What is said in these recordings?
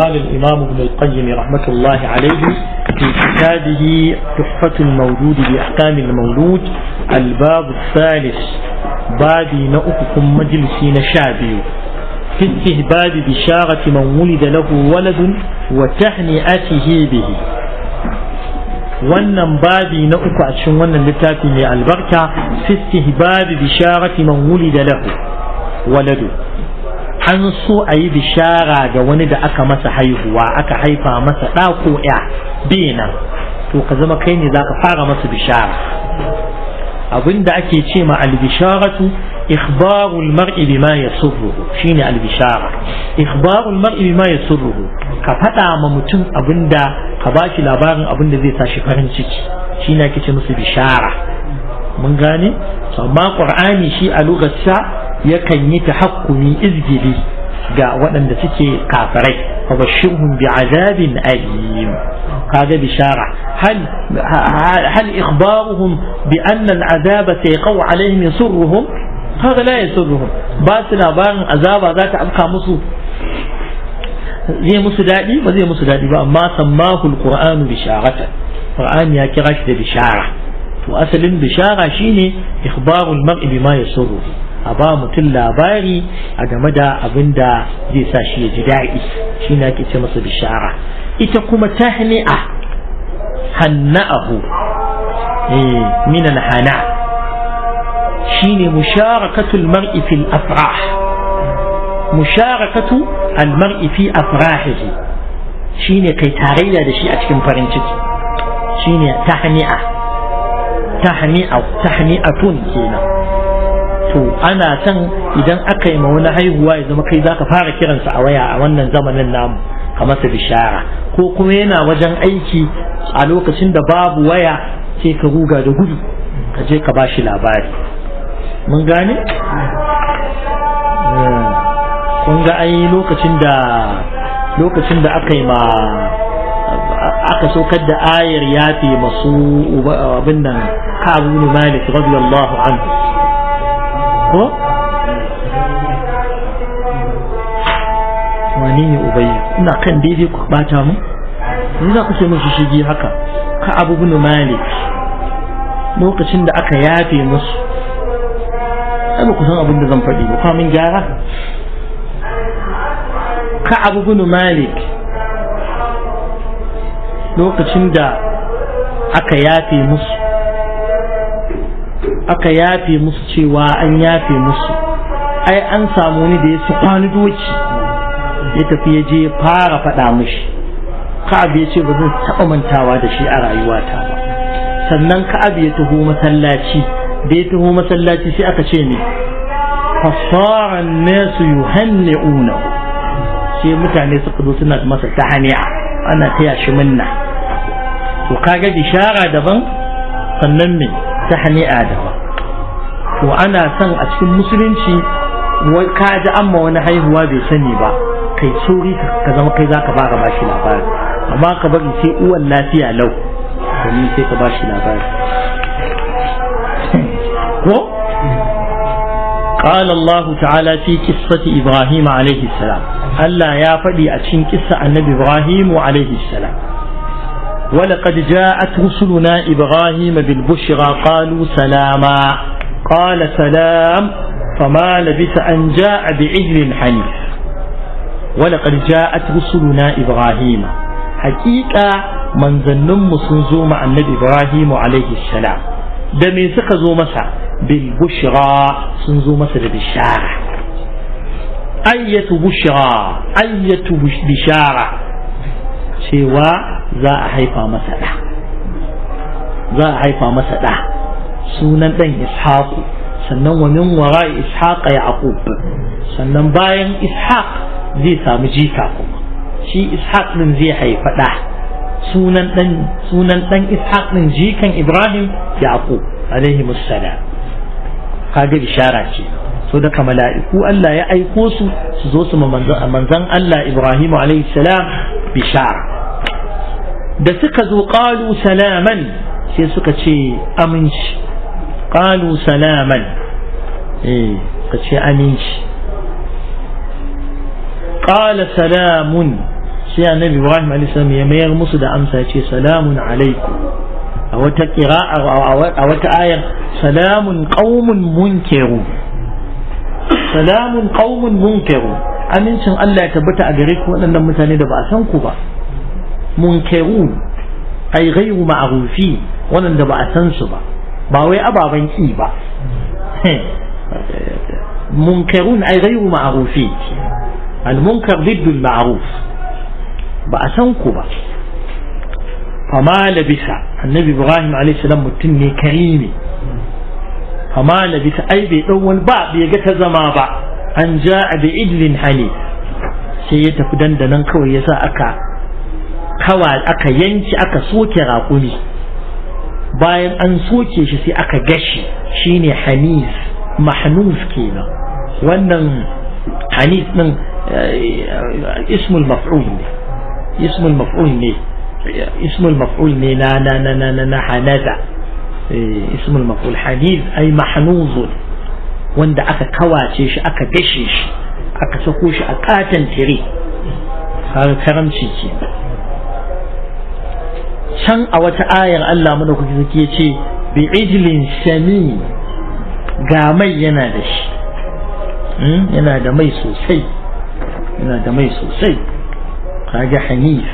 قال الإمام ابن القيم رحمة الله عليه في كتابه تحفة المولود بأحكام المولود الباب الثالث باب نؤككم مجلسين شابي في استهباب بشارة من ولد له ولد وتهنئته به wannan babi na uku a cikin wannan littafi mai albarka fi istihbabi bisharati man lahu waladu an so ayi bishara ga wani da aka masa haihuwa aka haifa masa ɗa ko ya bina to ka zama kai ne za ka fara masu bishara abinda ake ce ma albisharatu ikhbarul mar'i bima ya surruhu shine albishara ikhbarul mar'i bima ya surruhu ka faɗa ma mutum abinda ka bashi labarin abinda zai sa shi farin ciki shine ake ce musu bishara mun gane amma qur'ani shi a lokacin yakan yi tahakkumi izgili ga waɗanda suke kafirai fa bashirhum bi'adabin alim kaga bishara hal hal ikhbaruhum bi anna al'azaba sayqaw alaihim yasurruhum kaga la yasurruhum ba su labarin azaba za ta afka musu zai musu daɗi ba zai musu daɗi ba amma sammahu alqur'anu bisharatan qur'an ya kira shi da bishara to asalin bishara shine ikhbarul mar'i bima yasurruhu a ba mutum labari a game da abin da zai sa shi ya ji daɗi shi ne ake ce masa bishara ita kuma tahni'a hanna'ahu minan hana shine musharakatul mar'i fil afrah musharakatu al mar'i fi afrahihi shine kai tarayya da shi a cikin farin ciki shine tahni'a tahni'a tahni'atun kenan to ana son idan aka yi ma wani haihuwa ya zama kai za ka fara kiransa a waya a wannan zamanin namu ka masa bishara ko kuma yana wajen aiki a lokacin da babu waya sai ka guga da gudu ka je ka bashi labari mun gane hmm. kun ga ai lokacin da lokacin da aka yi ma aka saukar da ayar yafe masu abin nan ne malik radiyallahu anhu ko wani ne ubayi ina kan daidai ku bata mu in za ku ce musu shige haka ka abubuwan malik lokacin da aka yafe musu ai ba ku san abin da zan faɗi ba kwamin gyara ka abubuwan malik lokacin da aka yafe musu aka yafe musu cewa an yafe musu ai an samu wani da ya su kwani doki ya tafi ya je fara faɗa Ka ka'ab ya ce ba zan taɓa mantawa da shi a rayuwata ba sannan ka'ab ya taho masallaci da ya taho masallaci sai aka ce ne fasaran hanne una. sai mutane suka zo suna masa hanya. ana taya shi minna to kaga bishara daban sannan me ta da ba to ana son a cikin musulunci ka ji amma wani haihuwa bai sani ba kai sauri ka zama kai zaka ba ba shi labari amma ka bari sai uwan lafiya lau domin sai ka ba shi labari ko قال الله تعالى في قصة إبراهيم عليه السلام يا فدي قصة النبي إبراهيم عليه السلام ولقد جاءت رسلنا إبراهيم بالبشرى قالوا سلاما قال سلام فما لبث أن جاء بعجل حنيف ولقد جاءت رسلنا إبراهيم حقيقة من ظنم سنزوم عن النبي إبراهيم عليه السلام دمي سكزو مسا بالبشرى سنزو مسا بالبشارة أية بشرى أية بشارة cewa za a haifa masa ɗa za a haifa masa ɗa sunan ɗan ishaku sannan wa min wara ishaqa yaqub sannan bayan ishaq zai samu jika kuma shi ishaq din zai haifa ɗa sunan ɗan sunan ɗan ishaq din jikan ibrahim yaqub alaihi musallam kaga bishara ce so da ku Allah ya aiko su su zo su manzan Allah Ibrahim alaihi salam bishara da suka zo qalu salaman sai suka ce aminci qalu salaman eh suka ce aminci qala salamun sai annabi Ibrahim alaihi salam ya mayar musu da amsa ya ce salamun alaikum a wata qira'a a wata ayar salamun qaumun munkiru salamun qaumun munkiru amincin Allah ya tabbata a gare ku waɗannan mutane da ba a san ku ba منكرون أي غير معروفين ولن دبع سنسبة باوي أبا بن إيبا منكرون أي غير معروفين المنكر ضد المعروف بأسنكو فما لبس النبي إبراهيم عليه السلام متني كريمي فما لبس أي بيقول با بيقت زما با أن جاء بإدل حليف sai ya tafi أكا kawa aka yanki aka soke raƙumi bayan an soke shi sai aka gashi shine hanis mahnuf kenan wannan hanis din ismul maf'ul ne ismul maf'ul ne ismul maf'ul ne na na na na na hanaza ismul maf'ul hanis ay mahnuz wanda aka kawace shi aka gashe shi aka sako shi a katan tire har karamci kenan can a wata ayar Allah mana kuke zaki ce bi ijlin shami ga mai yana da shi yana da mai sosai yana da mai sosai kaga hanif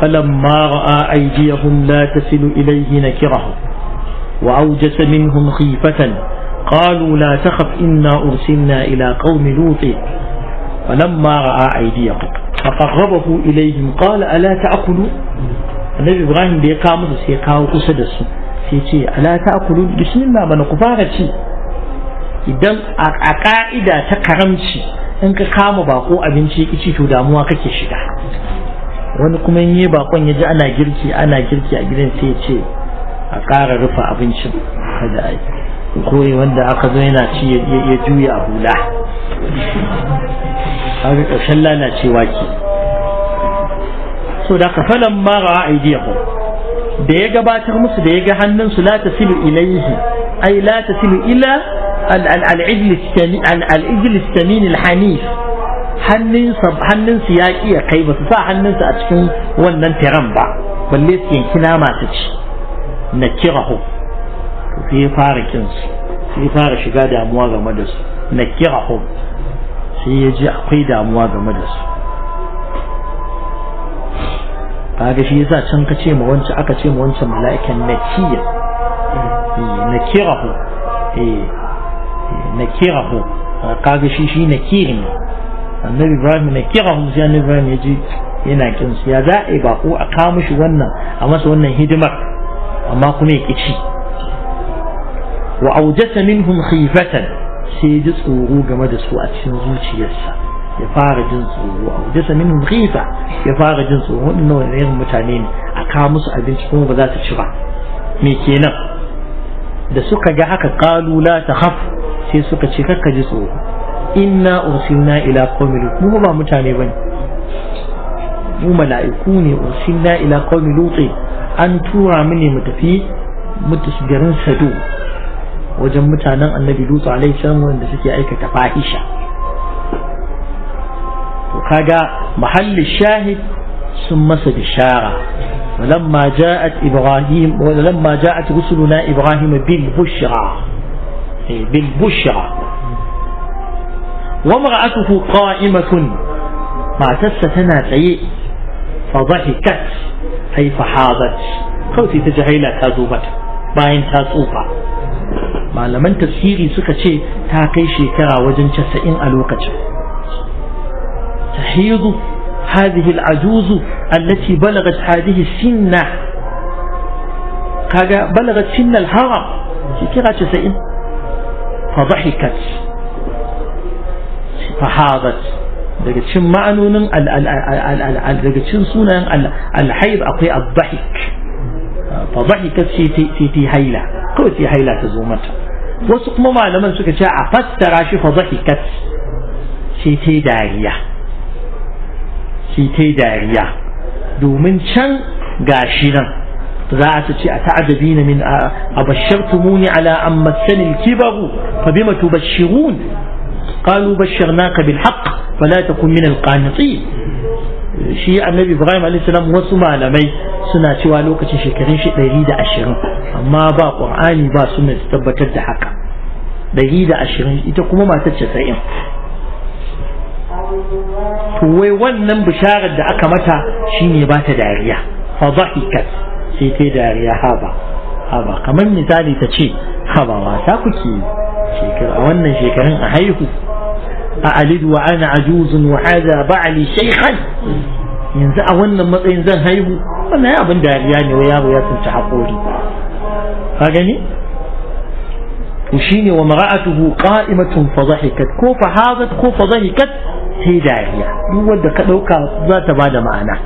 فلما رأى أيديهم لا تصل إليه نكرهم وأوجس منهم خيفة قالوا لا تخف إنا أرسلنا إلى قوم لوط فلما رأى أيديهم فقربه إليهم da ألا تأكلوا النبي إبراهيم دي قام سيقاو قسدس سيتي ألا تأكلوا bana ku fara ci. idan a ka'ida ta karamci in ka kama bako abinci ya to damuwa kake shiga wani kuma in yi bakon ya ji ana girki ana girki a gidan sai ce a ƙara rufe abincin kada a wanda aka zo yana ci ya juya hula kaga ƙarshen lalacewa ke so da ka falan da ya gabatar musu da ya ga hannunsu la tasilu ilaihi ai la tasilu ila al-ijlis tamin al-hanif hannunsu ya ƙi ya kai ba su sa hannunsu a cikin wannan tiran ba balle su yanki nama su ci na kirahu sai fara kinsu sai fara shiga damuwa game da su na kirahu sai ya ji akwai damuwa game da su kaga shi yasa can ka ce ma wancan aka ce ma wancan mala'ikan nakiya eh, nakirahu Na eh, eh, nakirahu kaga shi shi kirin annabi ibrahim nakirahu sai annabi ibrahim ya ji yana kin su ya za a baƙo a kawo mishi wannan a masa wannan hidimar amma kuma ya ci. wa aujata minhum khifatan sai ji tsoro game da su a cikin zuciyarsa ya fara jin tsoro a wajen samin rifa ya fara jin tsoro waɗannan nawa irin mutane ne a kawo musu abinci kuma ba za su ci ba me kenan da suka ga haka kalu la ta haf sai suka ce kakka ji tsoro inna ursilna ila qaumin mu ba mutane bane mu mala'iku ne ursilna ila qaumin lut an tura mu ne mu tafi mutu garin sado wajen mutanen annabi lutu alaihi salam wanda suke aikata fahisha to kaga mahalli shahid sun masa bishara ولما جاءت إبراهيم ولما جاءت رسلنا إبراهيم بالبشرى بالبشرى وامرأته قائمة مع تستنا سيء فضحكت أي حاضت كوتي تجهيلة تازوبت باين تازوبة malaman tafsiri suka ce ta kai shekara wajen 90 a lokacin tahidu هذه العجوز التي بلغت هذه السنة كاجا بلغت سن الهرم شكرا تسئل فضحكت فحاضت daga cin ma'anonin al daga cin al-hayd akwai al-dhahik abdahik fadahika ce ta haila ko ta haila ta zo mata wasu kuma malaman suka ce a fassara shi fa zahikat shi ta dariya shi ta dariya domin can gashi nan za a ce a ta'adabi min a bashartumuni ala an matsani kibaru fa bima tubashirun qalu basharnaka bil haqq fala takun min al qanitin shi annabi ibrahim alaihissalam wasu malamai suna cewa lokacin shekarun shi ɗari da ashirin amma ba ƙur'ani ba suna tabbatar da haka ɗari da ashirin ita kuma matar casa'in to wai wannan bisharar da aka mata shine ba ta dariya fa dhahikat sai ta dariya haba haba kamar misali ta ce haba wasa kuke shekara wannan shekarun a haihu أعلد وأنا عجوز وهذا بعلي شيخا yanzu a wannan matsayin zan haihu wannan ya abin dariya ne wa yaro ya tsinci haƙori ka gani to shine wa mara'atuhu qa'imatun fa dhahikat ko fa hazat ko fa dhahikat sai dariya duk wanda ka dauka za ta bada ma'ana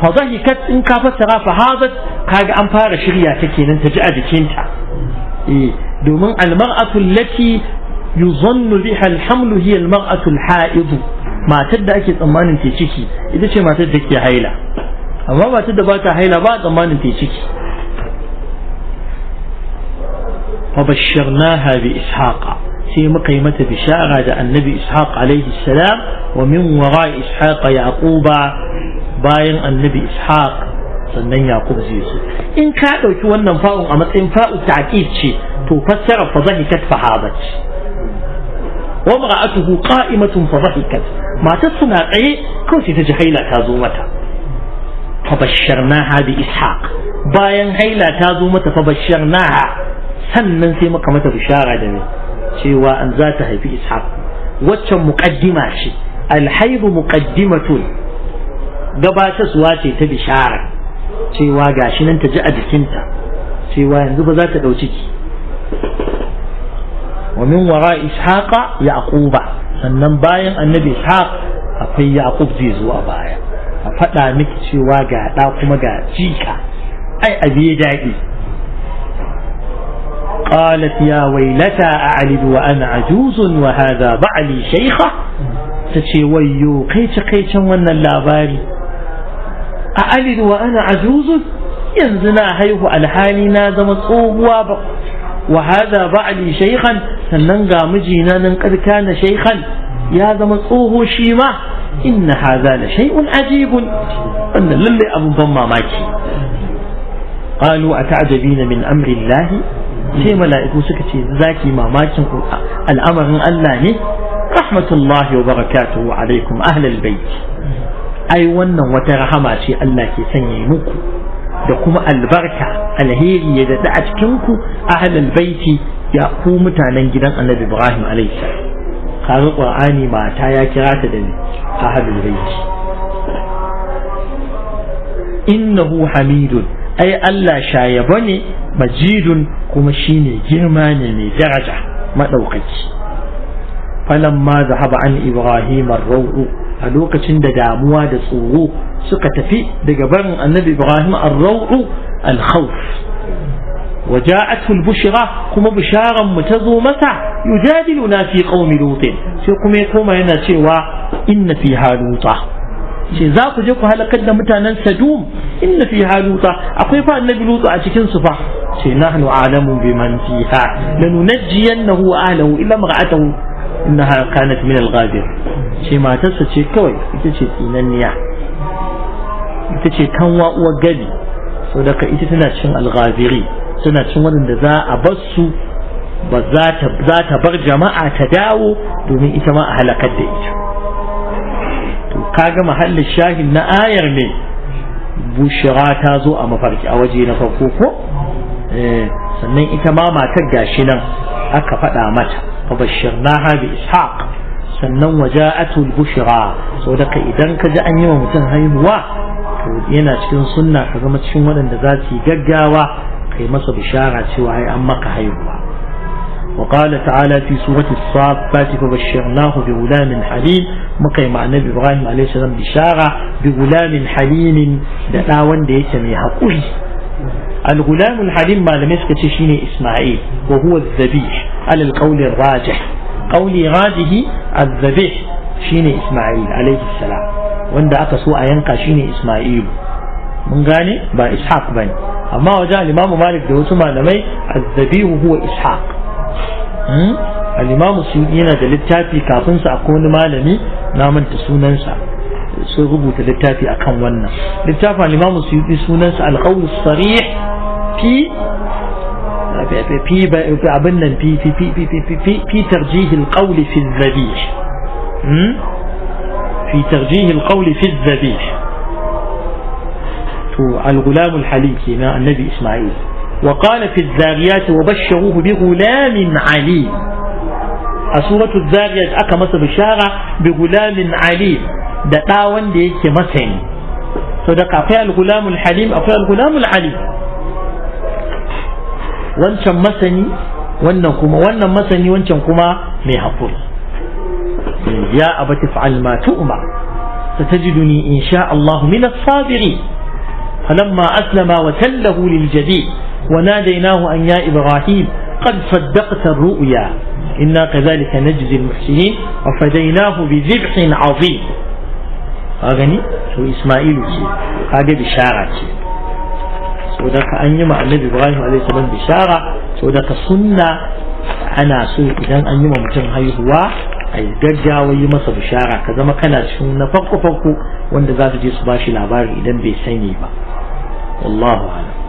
fa dhahikat in ka fassara fa hazat kaga an fara shirya ta kenan ta ji a jikinta eh domin almar'atu allati يظن بها الحمل هي المرأة الحائض ما تدى أكي في تيشيكي إذا شيء ما تدى كي حيلة أما ما تدى باتا حيلة بعد في تيشيكي وبشرناها بإسحاق في مقيمة بشارة النبي إسحاق عليه السلام ومن وراء إسحاق يعقوب باين النبي إسحاق sannan yaqub zai so in ka ɗauki wannan fa'un a matsayin fa'u ta'kid ce to fassara fa zahikat fahabat wa ma'atuhu qa'imatun fa dhahikat matar suna tsaye kawai sai ta ji haila ta zo mata fa basharnaha bi ishaq bayan haila ta zo mata fa basharnaha sannan sai muka mata bishara da ne cewa an za ta haifi ishaq waccan muqaddima ce alhaibu muqaddimatun gabatarwa ce ta bishara cewa gashi nan ta ji a jikinta cewa yanzu ba za ta ɗau ciki ومن وراء إسحاق يعقوب سنن باين أن نبي إسحاق أقول يعقوب زي زوا باين أفتنا نكتشي واقع داكما قا جيكا أي أبي جاكي قالت يا ويلتا أعلد وأنا عجوز وهذا بعلي شيخة تشي ويو كيتش كيتش من اللاباري أعلد وأنا عجوز ينزنا هيف على حالنا زمت وهذا بعلي شيخا sannan ga mijina nan karka na shaykhan ya zama tsoho shi ma inna hadha la shay'un ajibun wannan lalle abun ban mamaki qalu ata'jabina min amri Allah sai mala'iku suka ce zaki mamakin ku al'amarin Allah ne rahmatullahi wa barakatuhu alaikum ahlal bayt ai wannan wata rahama ce Allah ke sanya muku da kuma albarka alheri ya daɗa a ku ahlal bayti ya ku mutanen gidan annabi ibrahim alaihi kaga qur'ani mata ya kira ta da ahlul bait innahu hamidun ai Allah shayaba ne majidun kuma shine girma ne mai daraja madaukaki falamma zahaba an ibrahim ar-ru'u a lokacin da damuwa da tsoro suka tafi daga barin annabi ibrahim ar-ru'u al-khawf وجاءته البشرى كما بشارا متزو مسع يجادلنا في قوم لوط sai kuma ya koma yana cewa inna fi haluta ce za ku je ku halakar da mutanen sadum inna fi haluta akwai fa annabi lutu a cikin su fa ce nahnu alamu biman fiha lanunajjiyannahu wa ahlihi illa mar'atahu innaha kanat min al-ghadir ce matarsa ce kawai ita ce ita ce kanwa uwar gadi saboda ita tana cin al suna cin waɗanda za a bar su ba za ta bar jama'a ta dawo domin ita ma a halakar da ita to kaga mahallin shahin na ayar ne bushira ta zo a mafarki a waje na farko ko eh, sannan ita ma matar gashi nan aka faɗa mata fa bashirnaha bi ishaq sannan Atul bushra so daga idan ka ji an yi wa mutum haihuwa to yana cikin sunna ka zama cikin waɗanda za su yi gaggawa kai masa bishara cewa ai an وقال تعالى في سورة الصافات فبشرناه بغلام حليم مقيم عن نبي إبراهيم عليه السلام بشارع بغلام حليم دعوان ديك من حقه الغلام الحليم ما لم يسكت شيني إسماعيل وهو الذبيح على القول الراجح قولي راجه الذبيح شيني إسماعيل عليه السلام وعند سوء أينقى شيني إسماعيل من غاني با إسحاق بني أما وجاء الإمام مالك دوتو ما نمي الذبيح هو إسحاق الإمام السيدين هذا للتابي كافنس أقول ما لمي نامن تسوننسا سيغبو تلتابي أكم ونا للتابي الإمام السيدين سوننسا القول الصريح في في في في في في ترجيح القول في الذبيح في ترجيح القول في الذبيح wato alghulamul hali kenan annabi isma'il wa qala fi wa basharuhu bi ghulamin ali a suratul zariyat aka masa bishara bi ghulamin da da wanda yake masa ne to da kafai alghulamul akwai alghulamul ali wancan masani wannan kuma wannan masani wancan kuma mai hakuri ya abati fa'al ma tu'ma ta إن شاء الله mina الصابرين فلما أسلم وتله للجديد وناديناه أن يا إبراهيم قد صدقت الرؤيا إنا كذلك نجزي المحسنين وفديناه بذبح عظيم أغني تو إسماعيل هذا بشارة سودك أن يما النبي إبراهيم عليه السلام بشارة سودك سنة أنا سو إذا أن يما متن هيهوا أي gaggawa ويما masa كذا ما zama kana cikin na وان farko جيس باشي su je su bashi والله أعلم